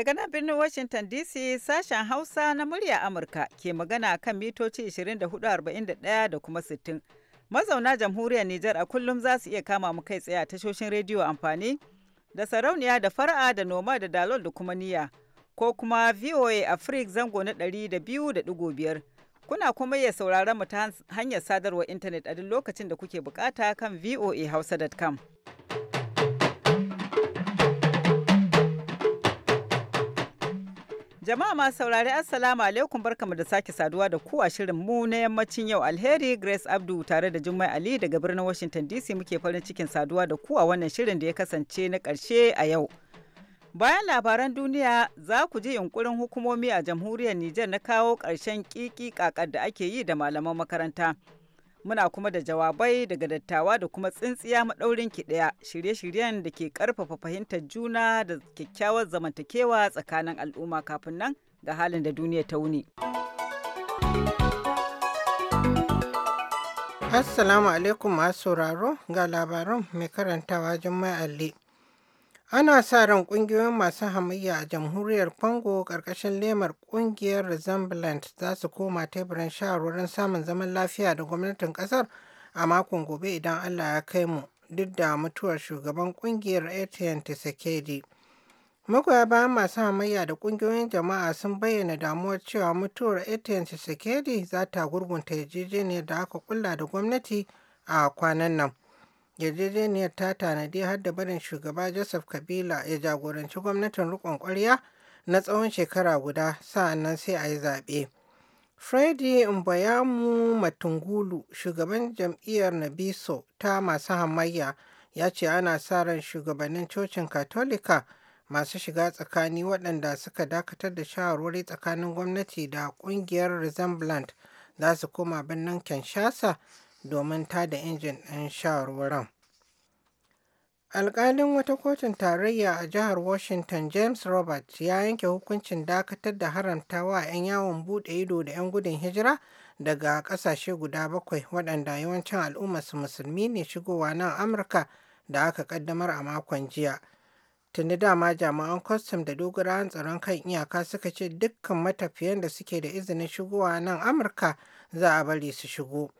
Daga nan birnin Washington DC sashen Hausa na murya Amurka ke magana kan mitoci 24,41 da kuma 60. Mazauna jamhuriyar Nijar a kullum za su iya kama mu kai tsaye a tashoshin rediyo amfani da sarauniya da fara'a da noma da dalol da kuma niya ko kuma VOA Africa zango na 200.5. Kuna kuma iya sauraron mu ta hanyar sadarwar intanet a duk lokacin da kuke bukata kan voa hausa.com. Jama'a masu saurari Assalamu alaikum barkamu da sake saduwa da ku a shirin mu na yammacin yau alheri Grace Abdu tare da Jummai Ali daga birnin Washington DC muke farin cikin saduwa da ku a wannan shirin da ya kasance na karshe a yau. Bayan labaran duniya za ku ji yunkurin hukumomi a jamhuriyar niger na kawo ƙarshen kiki kakar da ake yi da malaman makaranta. muna kuma da jawabai daga dattawa da kuma tsintsiya maɗaurin ki ɗaya shirye-shiryen da ke ƙarfafa fahimtar juna da kyakkyawar zamantakewa tsakanin al'umma kafin nan ga halin da duniya ta wuni. Assalamu alaikum masu sauraro ga labaran mai karantawa Jummai Ali. Ana sa ran ƙungiyoyin masu hamayya a jamhuriyar Congo ƙarƙashin lemar ƙungiyar Resemblant za su koma teburin shawarwarin samun zaman lafiya da gwamnatin ƙasar a makon gobe idan Allah ya kai mu duk da mutuwar shugaban ƙungiyar Etienne Tshisekedi. Magoya bayan masu hamayya da ƙungiyoyin jama'a sun bayyana damuwar cewa mutuwar Etienne Tshisekedi za ta gurgunta yarjejeniyar da aka kulla da gwamnati a kwanan nan. yarjejeniyar ta tanadi har da barin shugaba joseph kabila ya jagoranci gwamnatin rikon ƙwarya na tsawon shekara guda sa'annan sai a yi zaɓe freddy mbayamu matungulu shugaban jam'iyyar nabiso ta masu hamayya ya ce ana sa ran shugabannin cocin katolika masu shiga tsakani waɗanda suka dakatar da shawarwari tsakanin gwamnati da ƙungiyar resemblant za su koma birnin kinshasa domin tada injin ɗin shawarwarin. Alƙalin wata kotun tarayya a jihar Washington James Roberts ya yanke hukuncin dakatar da haramta wa 'yan yawon buɗe ido da 'yan gudun hijira daga ƙasashe guda bakwai waɗanda yawancin su musulmi ne shigowa nan Amurka da aka ƙaddamar a makon jiya. Tuni dama jami'an kwastam da dogarawan tsaron kan iyaka suka ce dukkan matafiyan da suke da izinin shigowa nan Amurka za a bari su shigo.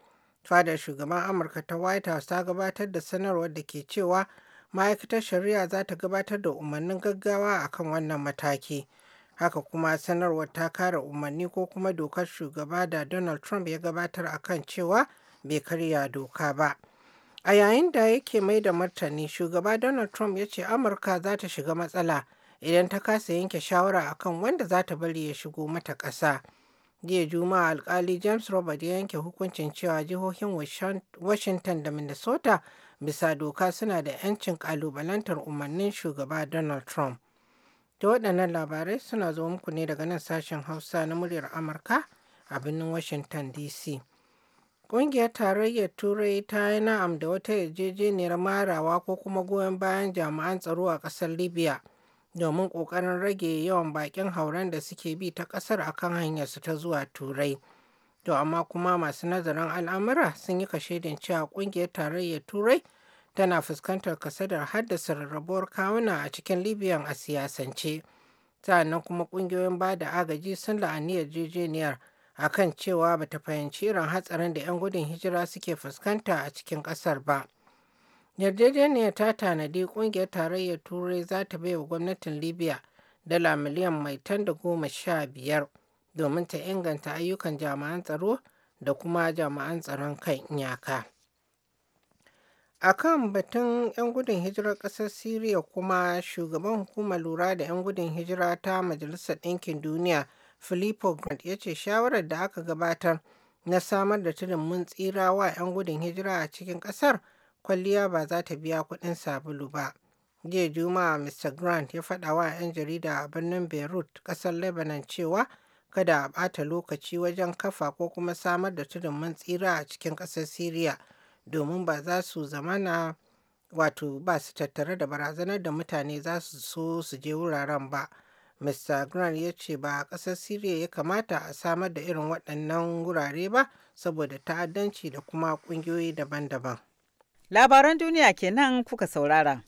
fadar shugaban amurka ta white house ta gabatar da sanarwar da ke cewa ma'aikatar shari'a za ta gabatar da umarnin gaggawa akan wannan mataki haka kuma sanarwar ta kare umarni ko kuma dokar shugaba da donald trump ya gabatar akan cewa bai karya doka ba a yayin da yake mai da martani shugaba donald trump ya ce amurka za ta shiga matsala idan ta kasa yanke shawara akan wanda za ta bari ya shigo mata ƙasa. jiya juma'a alkali james robert ya yanke hukuncin cewa jihohin washington da minnesota bisa doka suna da 'yancin kalubalantar umarnin shugaba donald trump Ta waɗannan labarai suna zo muku ne daga nan sashen hausa na muryar amurka a birnin washington dc Ƙungiyar Tarayyar Turai ta yi na'am da wata yarjejeniyar marawa ko kuma goyon bayan jami'an tsaro a ƙasar Libya domin ƙoƙarin rage yawan baƙin hauren da suke bi ta ƙasar akan hanyarsu ta zuwa turai to amma kuma masu nazarin al'amura sun yi kashedin cewa ƙungiyar tarayyar turai tana fuskantar kasadar haddasa rarrabuwar kawuna a cikin libyan a siyasance sa'annan kuma ƙungiyoyin ba da agaji sun la'ani yarjejeniyar kan cewa bata fahimci irin hatsarin da 'yan gudun hijira suke fuskanta a cikin ƙasar ba. yarjejeniyar ta tanadi kungiyar tarayyar turai za ta baiwa gwamnatin libya dala miliyan mai tan da goma sha biyar domin ta inganta ayyukan jami'an tsaro da kuma jami'an tsaron kan iyaka a kan batun 'yan gudun hijirar ƙasar syria kuma shugaban hukumar lura da 'yan gudun hijira ta majalisar ɗinkin duniya filippo grant ya ce shawarar da aka gabatar na samar da tudun mun tsira wa 'yan gudun hijira a cikin ƙasar kwalliya ba za ta biya kuɗin sabulu ba. Jiya Juma'a Mr. Grant ya faɗa wa 'yan jarida a birnin Beirut, ƙasar Lebanon cewa kada a ɓata lokaci wajen kafa ko kuma samar da tudun tsira a cikin ƙasar Siriya domin ba za su zamana wato ba su tattare da barazanar da mutane za su so su je wuraren ba. Mr. Grant ya ce ba ƙasar Siriya ya kamata a samar da irin waɗannan wurare ba saboda ta'addanci da kuma ƙungiyoyi daban-daban. Labaran duniya kenan kuka saurara.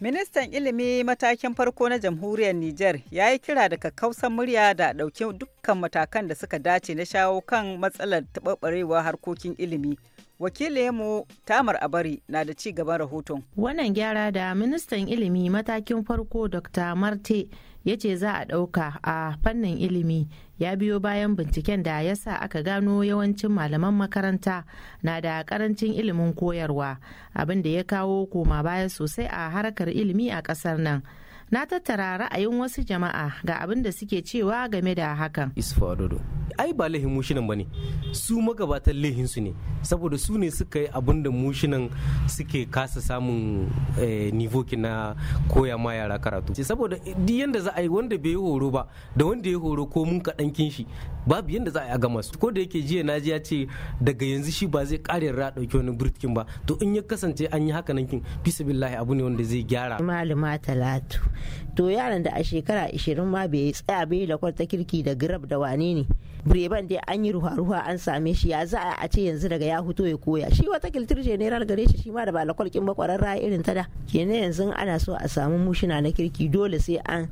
Ministan ilimi matakin farko na jamhuriyar Nijar ya yi kira da kakkausan murya da ɗauki dukkan matakan da suka dace na shawo kan matsalar taɓaɓarewa harkokin ilimi. wakilinmu tamar abari na da ci gaban rahoton wannan gyara da ministan ilimi matakin farko dr marte ya ce za a ɗauka a fannin ilimi ya biyo bayan binciken da ya sa aka gano yawancin malaman makaranta na da karancin ilimin koyarwa abin da ya kawo koma baya sosai a harkar ilimi a ƙasar nan na tattara ra'ayin wasu jama'a ga abin da suke cewa game da hakan Isfadodo. ai ba lahin mushinan ne su magabatan lahin su ne saboda su ne suka yi abin da mushinan suke kasa samun eh, nivoki na koya ma yara karatu saboda duk yanda za a yi wanda bai yi horo ba da wanda ya horo ko mun kaɗan kinshi babu yanda za a yi a gama su ko da yake jiya na ji ya ce daga yanzu shi ba zai ƙare ra ɗauki wani birkin ba to in ya kasance an yi haka nan kin bisa billahi abu ne wanda zai gyara malama talatu to yaran da a shekara 20 ma bai tsaya bai lakwalta ta kirki da grab da wane ne bireban dai an yi ruwa-ruwa an same shi ya za a ce yanzu daga ya huto ya koya shi wata kiltir general gare shi shi ma da ba lakwal kin ba kwararra irin ta da kenan yanzu ana so a samu mushina na kirki dole sai an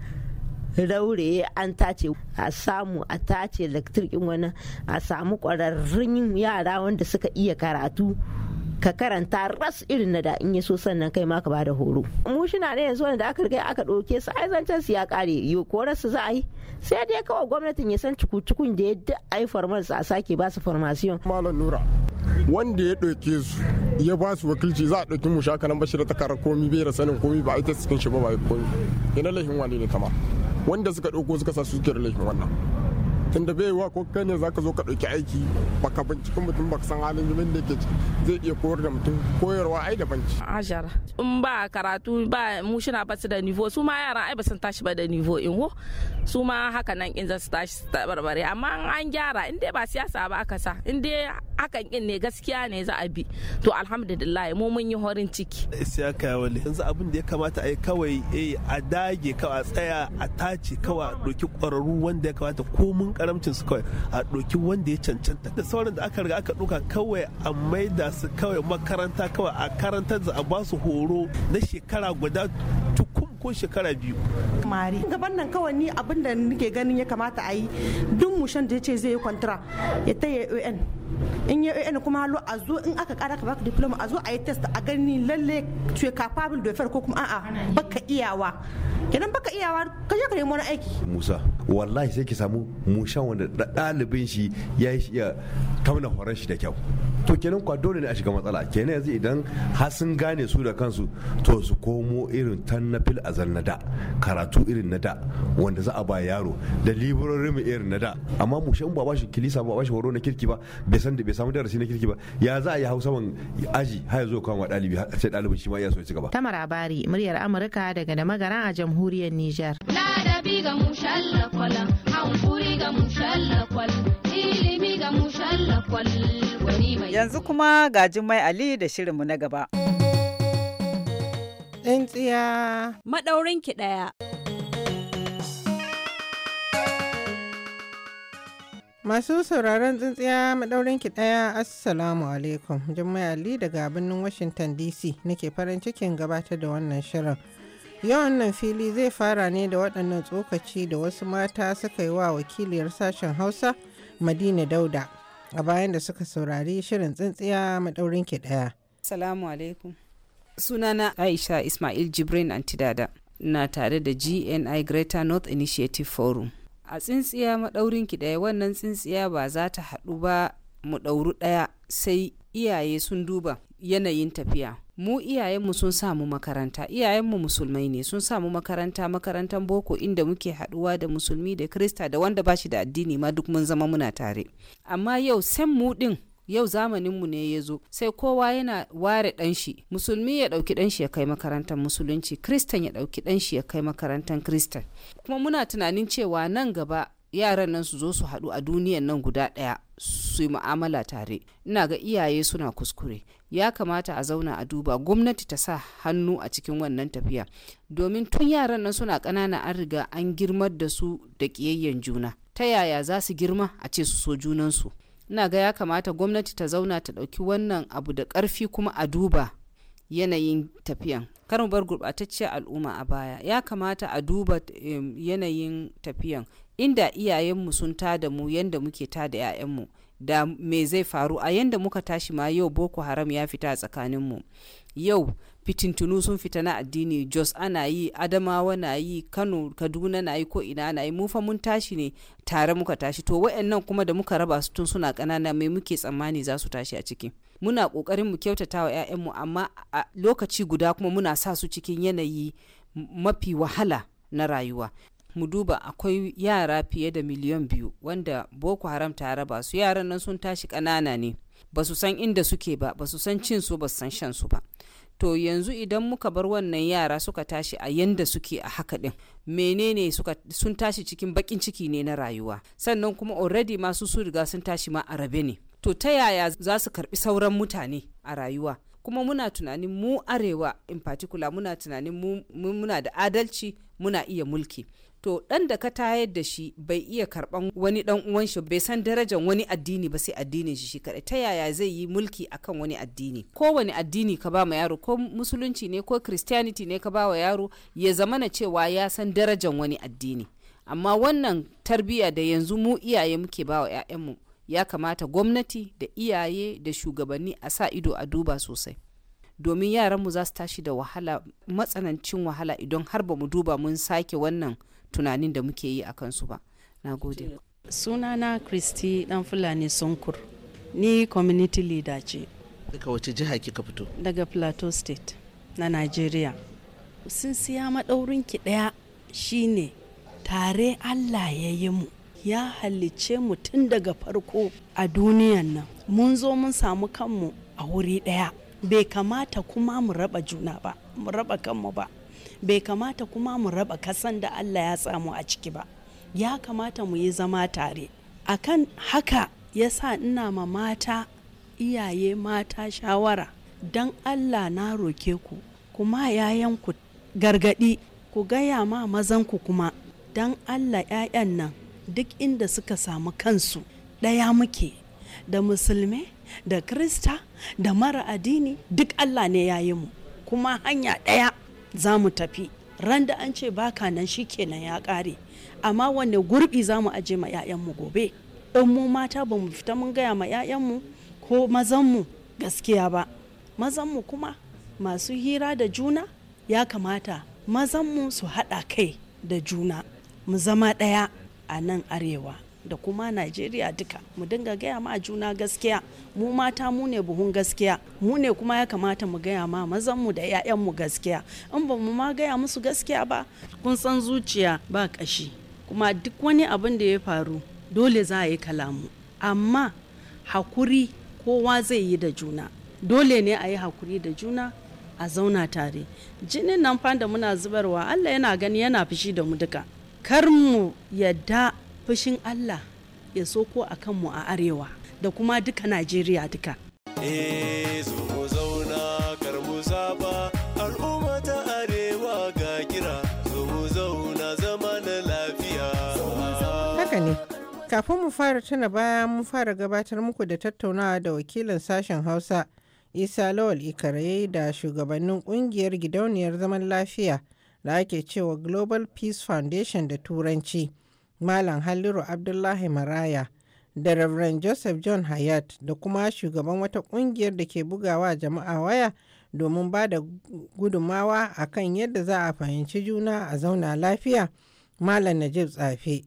rauraye an tace a samu a tace lakturkin wani a samu kwararrun yara wanda suka iya karatu ka karanta ras irin na da in yi so sannan kai ma ka bada horo mu shina ne yanzu wanda aka riga aka ɗauke su ai zancen su ya kare yo korar su za a yi sai dai kawai gwamnatin ya san cikun da yadda ai farmas a sake ba su farmasiyon malam nura wanda ya ɗauke su ya ba su wakilci za a ɗauki mu shaka nan bashi da takara komi bai da sanin komi ba a yi ta cikin shi ba ba komi ina laifin wani ne kama wanda suka ɗauko suka sa suke da laifin wannan tunda bai wa ko kai ne za ka zo ka ɗauki aiki baka binciki mutum baka san halin jimin da ke ciki zai iya koyar da mutum koyarwa ai daban ci. Ashara in ba karatu ba mu shina ba su da nivo su ma yaran ai ba sun tashi ba da nivo in ho su ma haka nan in za su tashi su barbare amma an gyara in dai ba siyasa ba aka sa in dai hakan kin ne gaskiya ne za a bi to alhamdulillah mu mun yi horin ciki. Eh, sai aka wale yanzu abin da ya kamata a yi kawai eh, a dage kawai a tsaya a tace kawai a ɗauki ƙwararru wanda ya kamata ko mun haramcin su kawai a ɗauki wanda ya cancanta da sauran da aka riga aka ɗauka kawai a maida su kawai makaranta kawai a karantar da a ba su horo na shekara guda tukun ko shekara biyu. Mari gaban nan kawai ni abin da nake ganin ya kamata a yi duk mushan da ya ce zai yi kwantara ya taya UN in yi yan kuma a zo in aka kara ka baka diploma a zo a yi test a gani lalle tu es capable da ko kuma a'a baka iyawa kenan baka iyawa ka je ka nemo na aiki Musa wallahi sai ki samu mushan wanda ɗalibin shi ya yi iya tauna horon shi da kyau to kenan kwa dole ne a shiga matsala kenan yanzu idan har sun gane su da kansu to su komo irin tan na fil azal na da karatu irin na da wanda za a ba yaro da librarin irin na da amma mushan ba ba shi kilisa ba ba shi horo na kirki ba bai san da bai samu darasi na kirki ba ya za a yi hausa man aji har zo kan wa ɗalibi sai ɗalibin shi ma ya so ya ci gaba tamara bari muryar amurka daga da magana a jamhuriyar niger ladabi ga hankuri ga ilimi ga yanzu kuma ga jimai ali da shirinmu na gaba tsintsiya maɗaurinki ɗaya Masu sauraron tsintsiya maɗaurin ki ɗaya Assalamu alaikum. Jummai Ali daga birnin Washington DC nake farin cikin gabatar da wannan shirin. Yau wannan fili zai fara ne da waɗannan tsokaci da wasu mata suka yi wa wakiliyar sashen Hausa Madina Dauda a bayan da suka saurari shirin tsintsiya maɗaurin ki ɗaya. Assalamu alaikum. Sunana Aisha Ismail Jibrin Antidada na tare da GNI Greater North Initiative Forum. a tsintsiya maɗaurin ki ɗaya wannan tsintsiya ba za ta haɗu ba mu ɗauru ɗaya sai iyaye sun duba yanayin tafiya mu iyayenmu sun samu makaranta iyayenmu musulmai ne sun samu makaranta makarantar boko inda muke haɗuwa da musulmi da krista da wanda ba shi da addini ma duk mun zama muna tare amma yau san mu ɗin yau zamaninmu ne ya zo sai kowa yana ware ɗanshi musulmi ya ɗauki ɗanshi ya kai makarantar musulunci kristan ya ɗauki ɗanshi ya kai makarantar kristan kuma muna tunanin cewa nan gaba yaran nan su zo su haɗu a duniyan nan guda ɗaya su yi mu'amala tare ina ga iyaye suna kuskure ya kamata a zauna a duba gwamnati ta sa hannu a cikin wannan tafiya domin tun yaran nan suna ƙanana an riga an girmar da su da ƙiyayyen juna ta yaya za su girma a ce su so junansu ina ga ya kamata gwamnati ta zauna ta ɗauki wannan abu da karfi kuma a duba yanayin tafiyan kar mu bar gurɓatacciyar al'umma a baya ya kamata a duba yanayin tafiyan inda iyayenmu sun tada mu yadda muke tada 'ya'yanmu da me zai faru a yanda muka tashi ma yau boko haram ya fita a tsakaninmu yau fitintunu sun fita na addini jos ana yi adamawa na yi kano kaduna na yi ko ina na yi mufa mun tashi ne tare muka tashi to wayannan kuma da muka raba su tun suna ƙanana mai muke tsammani za su tashi a ciki muna ƙoƙarin mu kyautata wa 'ya'yanmu amma a lokaci guda kuma muna sa su cikin yanayi mafi wahala na rayuwa mu duba akwai yara fiye da miliyan biyu wanda boko haram tare ba su yaran nan sun tashi ƙanana ne ba su san inda suke ba ba su san cin su ba su san shan su ba to yanzu idan muka bar wannan yara suka tashi a yanda suke a haka din menene sun tashi cikin bakin ciki ne na rayuwa sannan kuma already masu su riga sun tashi ma a rabe ne to ta yaya za su karbi sauran mutane a rayuwa kuma muna tunanin mu arewa in particular muna tunanin mu muna da adalci muna iya mulki to dan da ka tayar da shi bai iya karban wani dan uwan shi bai san darajar wani addini ba sai addinin shi shi kaɗai ta yaya zai yi mulki akan wani addini ko wani addini ka ba ma yaro ko musulunci ne ko christianity ne ka ba wa yaro ya zama na cewa ya san darajar wani addini amma wannan tarbiyya da yanzu mu iyaye muke ba wa 'ya'yanmu ya kamata gwamnati da iyaye da shugabanni a sa ido a duba sosai domin yaranmu za su tashi da wahala matsanancin wahala idan har ba mu duba mun sake wannan tunanin da muke yi a kansu ba na gode sunana kristi dan fulani sunkur ni community leader ce daga wace jiha kika fito daga plateau state na nigeria sun siya ki ɗaya shine tare allah ya yi mu ya halicce mu tun daga farko a duniyan nan mun zo mun samu kanmu a wuri ɗaya bai kamata kuma mu raba juna ba mu raba kanmu ba bai kamata kuma mu raba kasan da Allah ya samu a ciki ba ya kamata mu yi zama tare akan haka ya sa ina ma mata iyaye mata shawara don Allah na roke ku kuma yayanku gargadi ku gaya ma mazanku kuma don Allah 'ya'yan nan duk inda suka samu kansu ɗaya muke da musulmi. da krista da mara addini duk allah ne ya yi mu kuma hanya ɗaya za mu tafi ran da an ce baka nan shi kenan ya ƙare amma wanne gurbi za mu aje ma 'ya'yanmu gobe in mu mata ba mu fita mun gaya ma 'ya'yanmu ko mazanmu gaskiya ba mazanmu kuma masu hira da juna ya kamata mazanmu su haɗa kai da juna mu zama ɗaya a nan arewa da kuma najeriya duka mu dinga gaya ma juna gaskiya mu mata mu ne buhun gaskiya mu ne kuma ya kamata mu gaya ma mazanmu da 'ya'yan mu gaskiya in ba mu ma gaya musu gaskiya ba kun san zuciya ba ƙashi kuma duk wani abin da ya faru dole za a yi kalamu amma hakuri kowa zai yi da juna dole ne a yi hakuri da juna a zauna tare jinin nan fa da muna zubarwa allah yana gani yana fushi da mu duka kar mu yadda fushin Allah ya soko a kanmu a arewa da kuma duka Najeriya duka. Eh zauna arewa ga kira zama na lafiya. Haka ne. Kafin mu fara tuna baya mun fara gabatar muku da tattaunawa da wakilin sashen Hausa Isa Lawal Ikaraye da shugabannin kungiyar gidauniyar zaman lafiya da ake cewa Global Peace Foundation da Turanci. Malam Halliru Abdullahi Maraya da Reverend Joseph John Hayat da kuma shugaban wata kungiyar da ke bugawa jama'a waya domin ba da gudummawa a kan yadda za a fahimci juna a zauna lafiya Malam Najib Tsafe.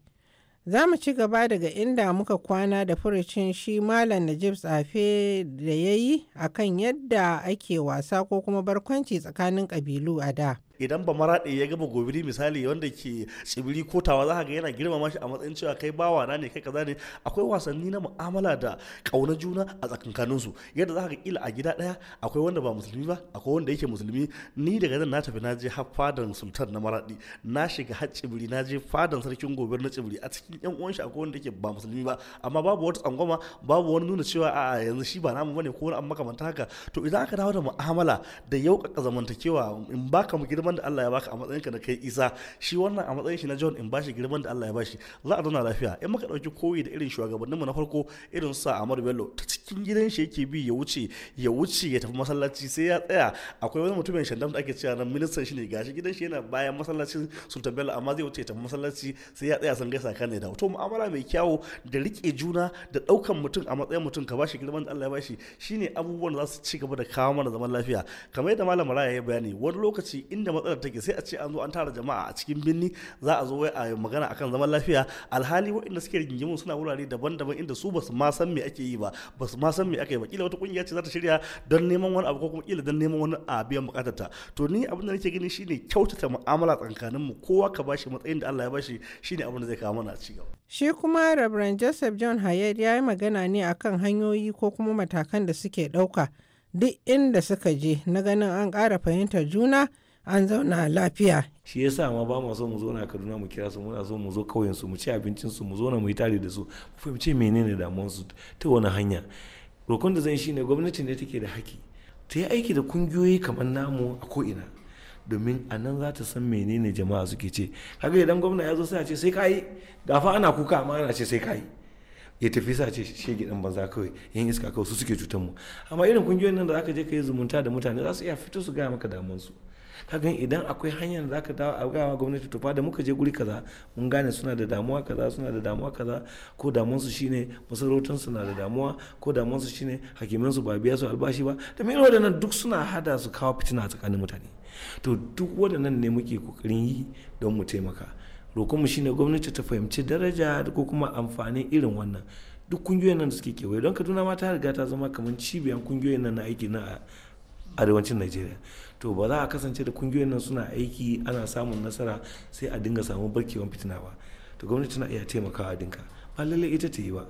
Za mu ci gaba daga inda muka kwana da furucin shi Malam Najib Tsafe da ya yi a kan yadda ake wasa ko kuma barkwanci tsakanin ƙabilu a da. idan ba maraɗe ya gaba gobiri misali wanda ke tsibiri ko tawa za ga yana girmama shi a matsayin cewa kai ba wana ne kai kaza ne akwai wasanni na mu'amala da ƙauna juna a tsakankanin su yadda za ka kila a gida ɗaya akwai wanda ba musulmi ba akwai wanda yake musulmi ni daga zan na tafi na je har fadan sultan na maraɗi na shiga har tsibiri na je fadan sarkin gobir na tsibiri a cikin yan uwan shi akwai wanda yake ba musulmi ba amma babu wata tsangwama babu wani nuna cewa a yanzu shi ba namu bane ko wani an makamanta haka to idan aka dawo da mu'amala da yauƙaƙa zamantakewa in baka mu girma girman da Allah ya baka a matsayinka na kai Isa shi wannan a matsayin shi na John in bashi girman da Allah ya bashi za a zauna lafiya in muka dauki koyi da irin mu na farko irin sa a Bello ta cikin gidan shi yake bi ya wuce ya wuce ya tafi masallaci sai ya tsaya akwai wani mutumin shandam da ake cewa nan ministan shi ne gashi gidan shi yana bayan masallacin Sultan Bello amma zai wuce ya tafi masallaci sai ya tsaya san gaisa kan ne da to mu'amala mai kyawu da rike juna da daukan mutum a matsayin mutum ka bashi girman da Allah ya bashi shine abubuwan da za su ci gaba da kawo mana zaman lafiya kamar yadda malam Raya ya bayani wani lokaci inda matsalar take sai a ce an zo an tara jama'a a cikin birni za a zo wai a magana akan zaman lafiya alhali waɗanda suke rigingimu suna wurare daban-daban inda su basu ma san me ake yi ba basu ma san me ake yi ba kila wata kungiya ce za ta shirya don neman wani abu ko kuma kila don neman wani a biyan bukatar ta to ni abin da nake gani shine kyautata mu'amala tsakanin mu kowa ka bashi matsayin da Allah ya bashi shine abin da zai kawo mana ci gaba shi kuma Reverend Joseph John Hayed ya yi magana ne akan hanyoyi ko kuma matakan da suke ɗauka duk inda suka je na ganin an ƙara fahimtar juna an zauna lafiya shi yasa ma ba mu so mu zo na Kaduna mu kira su muna so mu zo kauyen su mu ci abincin su mu zo na mu yi tare da su mu fahimci menene damuwar su ta wani hanya rokon da zan shi ne gwamnatin ne take da haki ta yi aiki da kungiyoyi kamar namu a ko'ina domin a nan za ta san menene jama'a suke ce kaga idan gwamna ya zo sai a ce sai kayi gafa ana kuka amma ana ce sai kayi ya tafi sa ce shege dan banza kawai yin iska kawai su suke cutar mu amma irin kungiyoyin nan da zaka je ka yi zumunta da mutane za su iya fito su gaya maka damuwar su ka idan akwai hanyar da aka dawo a gawa gwamnati to da muka je guri kaza mun gane suna da damuwa kaza suna da damuwa kaza ko damuwar su shine masarautar su na da damuwa ko damuwar su shine hakiman su ba biya su albashi ba da mai waɗannan duk suna hada su kawo fitina tsakanin mutane to duk waɗannan ne muke kokarin yi don mu taimaka roƙonmu shine gwamnati ta fahimci daraja ko kuma amfanin irin wannan duk kungiyoyin nan da suke kewaye don kaduna ma ta riga ta zama kamar cibiyar kungiyoyin nan na aiki na arewacin najeriya to ba za a kasance da kungiyoyin nan suna aiki ana samun nasara sai a dinga samun barkewan fitina ba to gwamnati tana iya taimakawa dinka ba lallai ita ta yi ba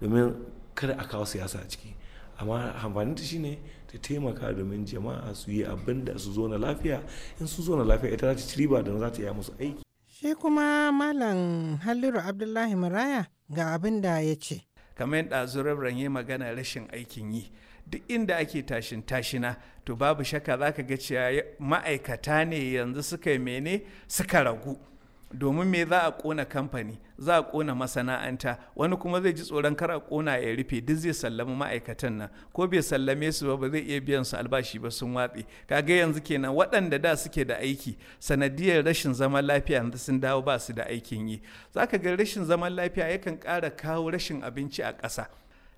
domin kada a kawo siyasa a ciki amma amfaninta shine ta taimaka domin jama'a su yi abin da su zo na lafiya in su zo na lafiya ita za ta ci riba da za ta iya musu aiki shi kuma malam halliru abdullahi maraya ga abin da ya ce kamar yadda Zurabran yi magana rashin aikin yi duk inda ake tashin tashina to babu shakka za ka ga cewa ma'aikata ne yanzu suka yi mene suka ragu domin me za a kona kamfani za a kona masana'anta wani kuma zai ji tsoron kar a kona ya rufe duk zai sallama ma'aikatan nan ko bai sallame su ba ba zai iya biyan su albashi ba sun watse kaga yanzu kenan waɗanda da suke da aiki sanadiyar rashin zaman lafiya yanzu sun dawo ba su da aikin yi Za ka ga rashin zaman lafiya yakan ƙara kawo rashin abinci a ƙasa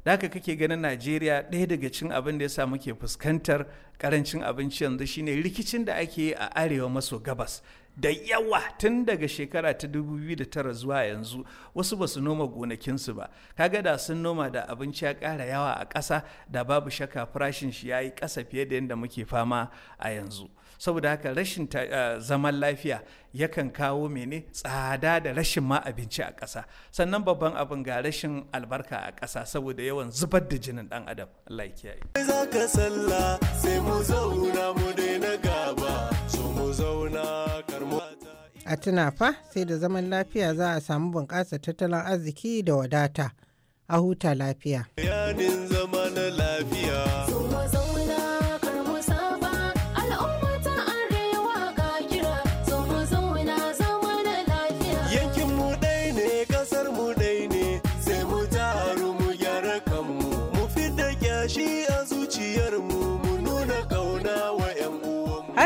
da haka kake ganin najeriya ɗaya daga cin abin da ya sa muke fuskantar karancin abinci yanzu shine rikicin da ake yi a arewa maso gabas da yawa tun daga shekara ta 2009 zuwa yanzu wasu ba su noma gonakinsu ba kaga da sun noma da abinci ya ƙara yawa a ƙasa da babu shaka farashin shi ya yi ƙasa fiye da yadda muke fama a yanzu saboda haka rashin eh, zaman lafiya yakan kawo mene tsada da rashin ma abinci a ƙasa sannan babban abin ga rashin albarka a ƙasa saboda yawan zubar da jinin ɗan adam Allah ya sai a tuna fa sai da zaman lafiya za a samu bunƙasa tattalin arziki da wadata a huta lafiya. Bayanin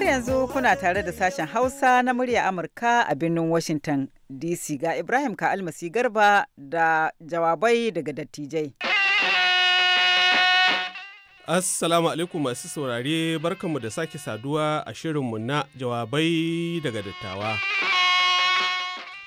Har yanzu kuna tare da sashen Hausa na murya Amurka a birnin Washington DC ga Ibrahim Ka'almasi Garba da jawabai daga dattijai. Assalamu alaikum masu saurare barkanmu da sake saduwa a shirinmu na jawabai daga dattawa.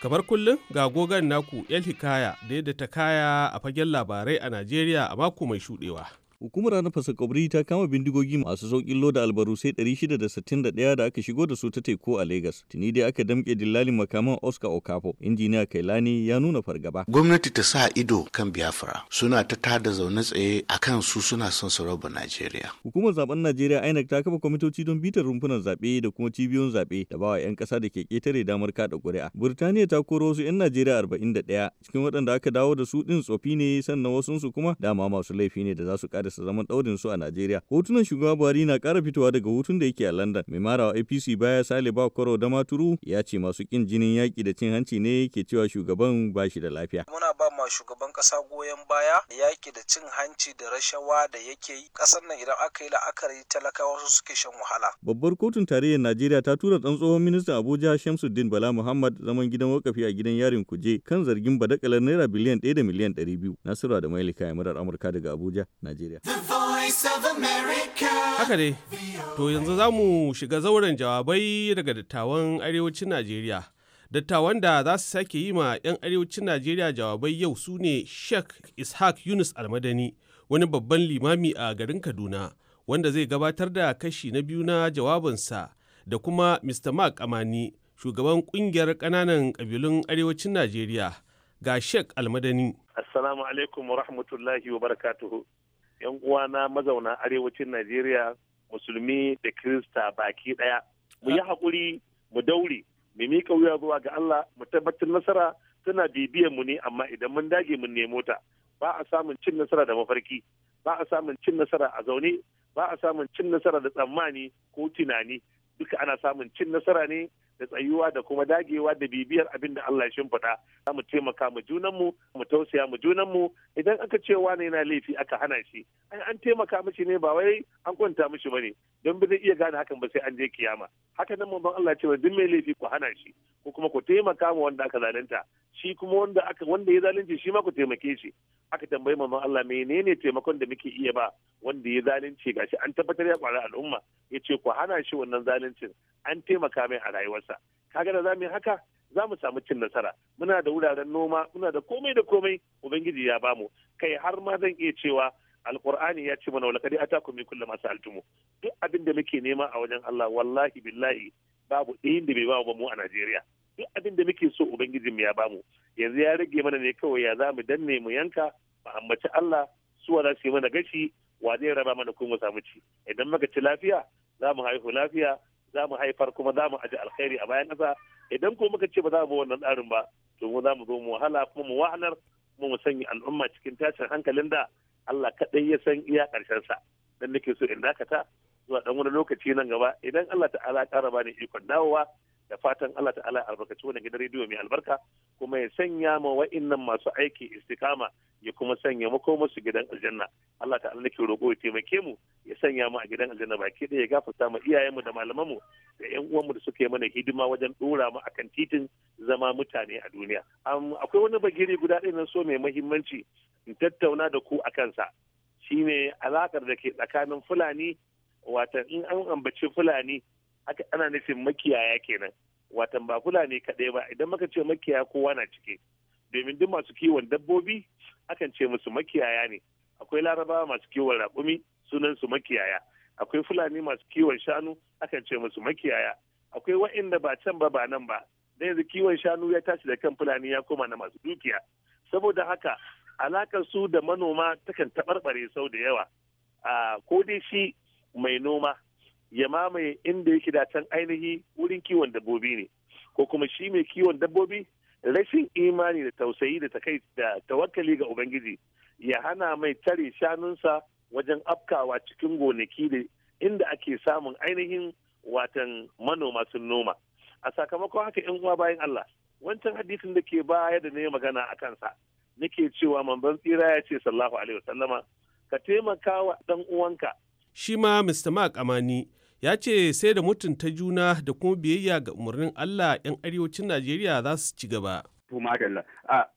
Kamar kullum ga gogan naku yan Hikaya da yadda ta kaya a fagen labarai a Najeriya a mako mai shudewa. Hukumar hana fasakobri ta kama bindigogi masu saukin loda albaru sai 661 da aka shigo da su ta teku a Legas. Tuni dai aka damke dillalin makaman Oscar Okafo. Injiniya Kailani ya nuna fargaba. Gwamnati ta sa ido kan Biafra suna ta tada zaune tsaye a kan su suna son su raba Najeriya. Hukumar zaben Najeriya INEC ta kafa kwamitoci don bitar rumfunan zaɓe da kuma cibiyoyin zaɓe da bawa 'yan ƙasa da ke ƙetare damar kaɗa ƙuri'a. Burtaniya ta koro wasu 'yan Najeriya 41 cikin waɗanda aka dawo da su ɗin tsofi ne sannan wasunsu kuma dama masu laifi ne da za su ƙara su zama ɗaurin su a Najeriya. Hotunan shugaban Buhari na kara fitowa daga hutun da yake a London. Mai marawa APC baya Sale ba Koro da Maturu ya ce masu kin jinin yaƙi da cin hanci ne ke cewa shugaban ba shi da lafiya. Muna ba ma shugaban ƙasa goyon baya da yaƙi da cin hanci da rashawa da yake yi. Ƙasar nan idan aka yi la'akari talakawa su suke shan wahala. Babbar kotun tarayyar Najeriya ta tura ɗan tsohon ministan Abuja Shamsuddin Bala Muhammad zaman gidan wakafi a gidan yarin kuje kan zargin badakalar naira biliyan 1 da miliyan 200. Nasiru da Mailika ya murar Amurka daga Abuja, Najeriya. Haka dai, to yanzu za mu shiga zauren jawabai daga dattawan arewacin Najeriya. Dattawan da za su sake yi ma 'yan arewacin Najeriya jawabai yau su ne Sheikh Ishaq Yunus Almadani, wani babban limami a garin Kaduna, wanda zai gabatar da kashi na biyu na jawabinsa da kuma Mr. Mark Amani, shugaban ƙungiyar ƙananan ƙabilun arewacin Najeriya. ga Sheikh Almadani. Assalamu alaikum wa rahmatullahi wa barakatuhu. 'yan uwa na mazauna arewacin Najeriya musulmi da Kirista baki ɗaya. Mu yi ah. hakuri mu daure, mu mika wuya zuwa ga Allah, mu tabbatar nasara tana bibiyar mu ne amma idan mun dage mun nemo ta. Ba a samun cin nasara da mafarki, ba a samun cin nasara a zaune, ba a samun cin nasara da tsammani ko tunani. Duka ana samun cin nasara ne da tsayuwa da kuma dagewa da bibiyar abin da Allah shi shimfiɗa za mu taimaka mu junanmu mu tausaya mu junanmu idan aka ce wani yana laifi aka hana shi an taimaka mishi ne ba wai an kwanta mishi bane don ba zai iya gane hakan ba sai an je kiyama haka nan mun Allah cewa duk mai laifi ku hana shi ko kuma ku taimaka ma wanda aka zalunta shi kuma wanda aka wanda ya zalunce shi ma ku taimake shi aka tambayi mamman Allah menene taimakon da muke iya ba wanda ya zalunci gashi an tabbatar ya kwara al'umma ya ce ku hana shi wannan zaluncin an taimaka mai a rayuwarsa kaga da zamu yi haka za mu samu cin nasara muna da wuraren noma muna da komai da komai ubangiji ya bamu kai har ma zan iya cewa alkur'ani ya ce mana walakadi atakum min kulli masu sa'altum duk abin da muke nema a wajen Allah wallahi billahi babu ɗayan da bai bamu ba mu a Najeriya duk abin da muke so ubangijin ya bamu yanzu ya rage mana ne kawai ya za mu danne mu yanka mu ambaci Allah wa za su yi mana gashi wa zai raba mana kuma samu ci idan muka ci lafiya za mu haihu lafiya za mu haifar kuma za mu aji alkhairi a bayan ƙasa idan ko muka ce ba za mu wannan tsarin ba to mu za mu zo mu wahala kuma mu wahalar kuma mu sanya al'umma cikin tashin hankalin da Allah kaɗai ya san iya karshen sa dan nake so in dakata zuwa dan wani lokaci nan gaba idan Allah ta'ala ƙara bani ikon dawowa da fatan Allah ta'ala ya albarkaci wannan gidan rediyo mai albarka kuma ya sanya ma wa'annan masu aiki istikama ya kuma sanya mako su gidan aljanna Allah ta'ala nake roƙo ya taimake mu ya sanya mu a gidan aljanna baki ɗaya ya gafarta mu iyayenmu da mu da ƴan uwanmu da suka yi mana hidima wajen ɗora mu akan titin zama mutane a duniya akwai wani bagire guda ɗaya na so mai muhimmanci in tattauna da ku a sa shine alakar da ke tsakanin fulani wata in an ambaci fulani aka ana nufin makiyaya kenan watan ba fulani kaɗai ba idan muka ce makiyaya kowa na ciki domin duk masu kiwon dabbobi akan ce musu makiyaya ne akwai larabawa masu kiwon raƙumi sunan su makiyaya akwai fulani masu kiwon shanu akan ce musu makiyaya akwai wa'inda ba can ba ba nan ba da yanzu kiwon shanu ya tashi da kan fulani ya koma na masu dukiya saboda haka alakar su da manoma takan taɓarɓare sau da yawa ah, ko dai shi mai noma ya mamaye inda yake da can ainihi wurin kiwon dabbobi ne ko kuma shi mai kiwon dabbobi rashin imani da tausayi da takai da tawakkali ga ubangiji ya hana mai tare shanunsa wajen afkawa cikin gonaki da inda ake samun ainihin watan manoma sun noma a sakamakon haka yan uwa bayan Allah wancan hadisin da ke baya da ne magana a kansa nake cewa manzon tsira ya ce sallahu alaihi wasallama ka taimaka wa dan uwanka shi ma Mr. Mark Amani ya ce sai da mutunta juna da kuma biyayya ga umarnin Allah 'yan arewacin Najeriya za su ci gaba.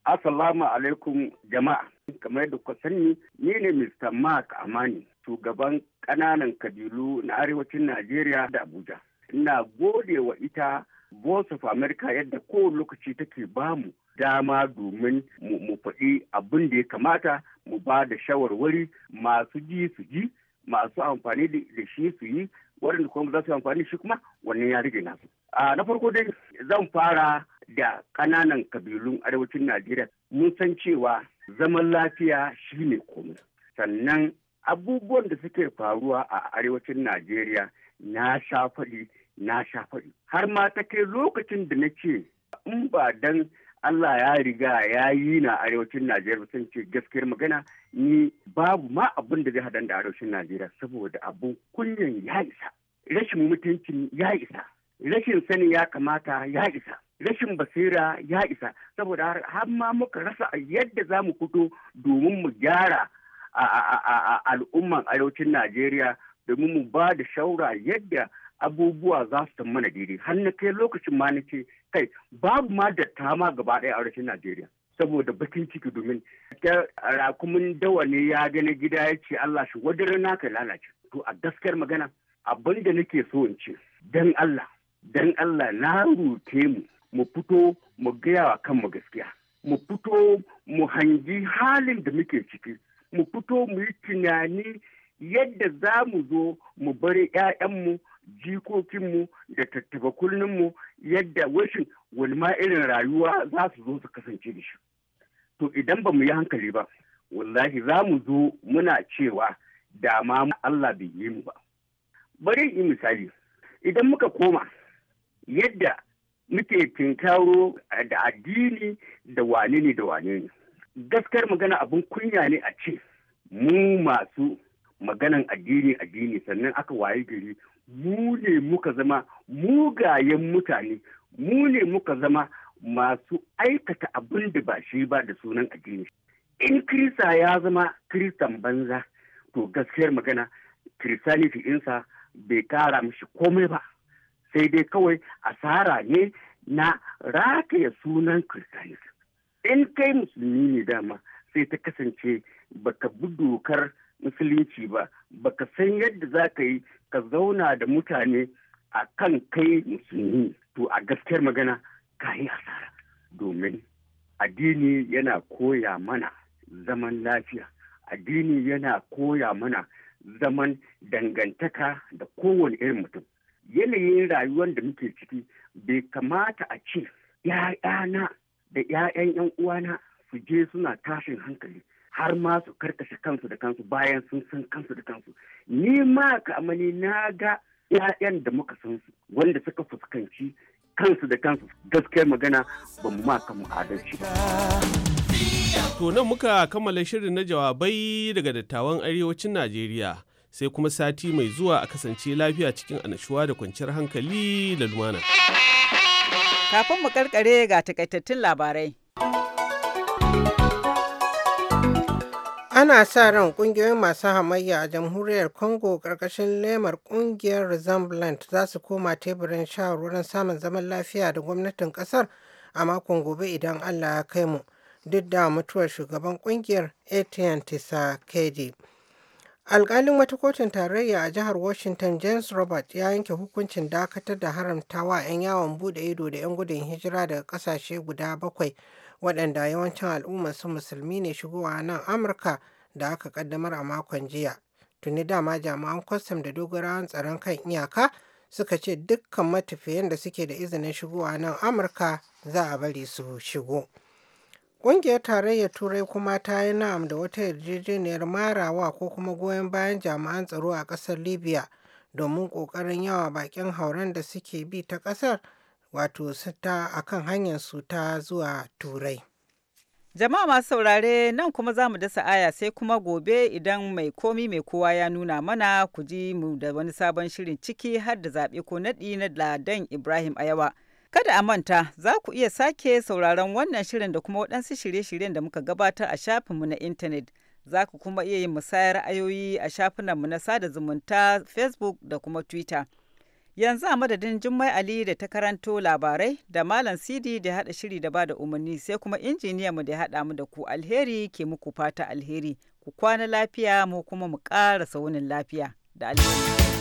Assalamu alaikum jama'a. Kamar yadda kuka sani, ni ne Mr. Mark Amani, shugaban ƙananan kabilu na arewacin Najeriya da Abuja. Ina gode wa ita Voice of America yadda kowane lokaci take bamu dama domin mu faɗi abin da ya kamata mu ba da shawarwari masu ji su ji masu amfani da shi su yi waɗanda kuma za su amfani shi kuma wannan ya rage nasu. na farko dai zan fara da ƙananan kabilun arewacin Najeriya mun san cewa zaman lafiya shi ne komai. Sannan abubuwan da suke faruwa a arewacin Najeriya na shafari na shafari Har ma ta kai lokacin da na ce in ba dan Allah ya riga ya yi na arewacin Najeriya sun ce gaskiyar magana ni babu ma abin da zai hadan da arewacin Najeriya saboda abun kunyan ya isa rashin mutuncin ya isa rashin sani ya kamata ya isa rashin basira ya isa saboda har ma muka rasa a yadda za mu fito domin mu gyara al'umman arewacin Najeriya domin mu ba da shaura yadda abubuwa za su mana daidai har na kai lokacin ma na ce kai babu ma da ma gaba ɗaya a rashin najeriya saboda bakin ciki domin rakumin dawa ne ya gani gida ya ce allah shi na naka lalace to a gaskiyar magana abin da nake so in ce dan allah dan allah na rute mu mu fito mu gaya wa kanmu gaskiya mu fito mu hangi halin da muke ciki mu fito mu yi tunani yadda za mu zo mu bari 'ya'yanmu jikokinmu da tattaba kullunmu yadda wasu wani irin rayuwa za su zo su kasance da shi to idan ba mu yi hankali ba wallahi za mu zo muna cewa dama Allah bai yi mu ba bari yi misali idan muka koma yadda muke tinkaro da addini da wane ne da wane ne gaskar magana abin kunya ne a ce mu masu maganan addini addini sannan aka waye gari mu ne muka zama mugayen mutane mu ne muka zama masu aikata abin da ba shi ba da sunan addini in kirista ya zama kiristan banza to gaskiyar magana kiristaniti insa bai kara mishi komai ba sai dai kawai asara ne na rataya sunan kiristaniti in kai musulmi ne dama sai ta kasance baka bi dokar musulunci ba ba ka san yadda za ka yi ka zauna da mutane a kan kai musulmi to a gaskiyar magana ka yi asara domin addini yana koya mana zaman lafiya addini yana koya mana zaman dangantaka da kowane irin mutum yanayin rayuwar da muke ciki bai kamata a ce ‘ya'yana da ‘ya'yan ‘yan uwana su je suna tashin hankali har ma su karkashe kansu da kansu bayan sun san kansu da kansu ni ma kamani na ga ƴaƴan da muka san su wanda suka fuskanci kansu da kansu gaskiyar magana ba mu ma mu adalci ba to nan muka kammala shirin na jawabai daga dattawan arewacin Najeriya sai kuma sati mai zuwa a kasance lafiya cikin annashuwa da kwanciyar hankali da lumana kafin mu karkare ga takaitattun labarai ana sa ran kungiyoyin masu hamayya a jamhuriyar congo karkashin lemar kungiyar resemblant za su koma teburin shawarwarin samun zaman lafiya da gwamnatin kasar a makon gobe idan allah ya kai mu duk da mutuwar shugaban kungiyar Tisa kedi alkalin wata kotun tarayya a jihar washington james robert ya yanke hukuncin dakatar da haramtawa 'yan yawon bude ido da 'yan gudun hijira daga kasashe guda bakwai waɗanda yawancin al'umma su musulmi ne shigowa nan amurka da aka kaddamar a makon jiya tuni dama jami'an kwastam da dogarawan tsaron kan iyaka suka ce dukkan matafiyan da suke da izinin shigowa nan amurka za a bari su shigo ƙungiyar tarayyar turai kuma ta yi na'am da wata yarjejeniyar marawa ko kuma goyon bayan jami'an tsaro a ƙasar libya domin ƙoƙarin yawa baƙin hauren da suke bi ta ƙasar wato sita ta akan hanyar su ta zuwa turai jama'a masu saurare nan kuma za mu dasa aya sai kuma gobe idan mai komi mai kowa ya nuna mana ku ji mu da wani sabon shirin ciki har da zaɓe ko naɗi na ladan ibrahim ayawa Kada a manta za ku iya sake sauraron wannan shirin da kuma waɗansu shirye-shiryen da muka gabatar a shafinmu na intanet. Za ku kuma iya yin musayar ra'ayoyi a shafinanmu na sada zumunta Facebook da kuma Twitter. Yanzu a madadin Jummai Ali da ta karanto labarai da Malam Sidi da haɗa shiri da ba da umarni sai kuma injiniya mu da ya haɗa mu da ku alheri ke muku fata alheri. Ku kwana lafiya mu kuma mu ƙara saunin lafiya da alheri.